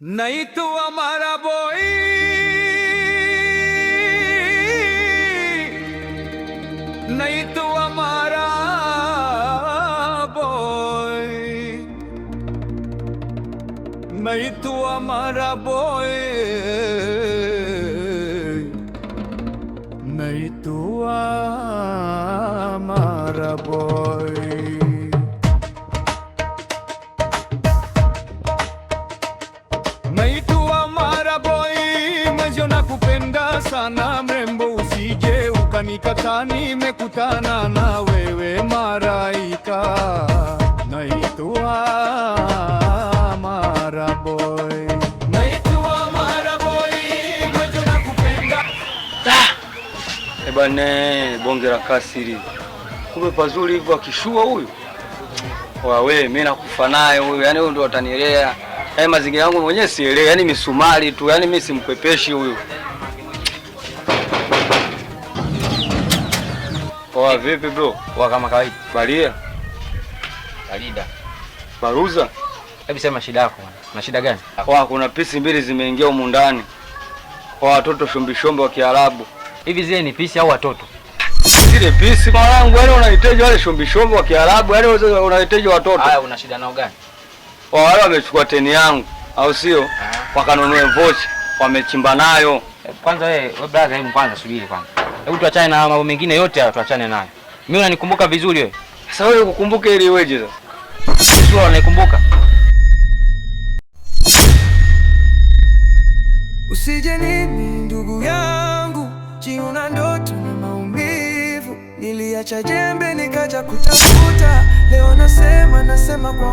નહીં તું અમારા બોઈ નહીં તું અમારા બોય નહીં તું અમારા boy Nakupenda sana mrembo, usije ukanikatani nimekutana na wewe maraika, naitwa Maraboy, naitwa Maraboy, Ebane, eh bonge la kasiri, kumbe pazuri hivyo akishua huyu wawe, mimi nakufa naye huyu, yani huyu ndo atanilea Yaani mazingira yangu mwenyewe sielewi, yaani misumari tu, yani mimi simkwepeshi huyu. Poa vipi bro? Poa kama kawaida. Balia. Balida. Baruza. Hebu sema shida yako Na shida gani? Poa, kuna pisi mbili zimeingia humu ndani. Kwa watoto shombi shombi wa Kiarabu. Hivi zile ni pisi au watoto? Zile pisi mwanangu, yaani unahitaji wale shombi shombi wa Kiarabu, yaani unahitaji watoto. Haya, una shida nao gani? wa wale wamechukua teni yangu, au sio? Ah. Wakanunue vocha, wamechimba nayo. Eh, kwanza wewe wewe brother, hebu kwanza subiri kwanza, hebu tuachane na mambo mengine yote haya, tuachane nayo. Mimi unanikumbuka vizuri wewe. Sasa wewe ukukumbuke ili weje? Sasa sio unanikumbuka. Usije nini ndugu yangu, jiona ndoto na maumivu, niliacha jembe nikaja kutafuta, leo nasema nasema kwa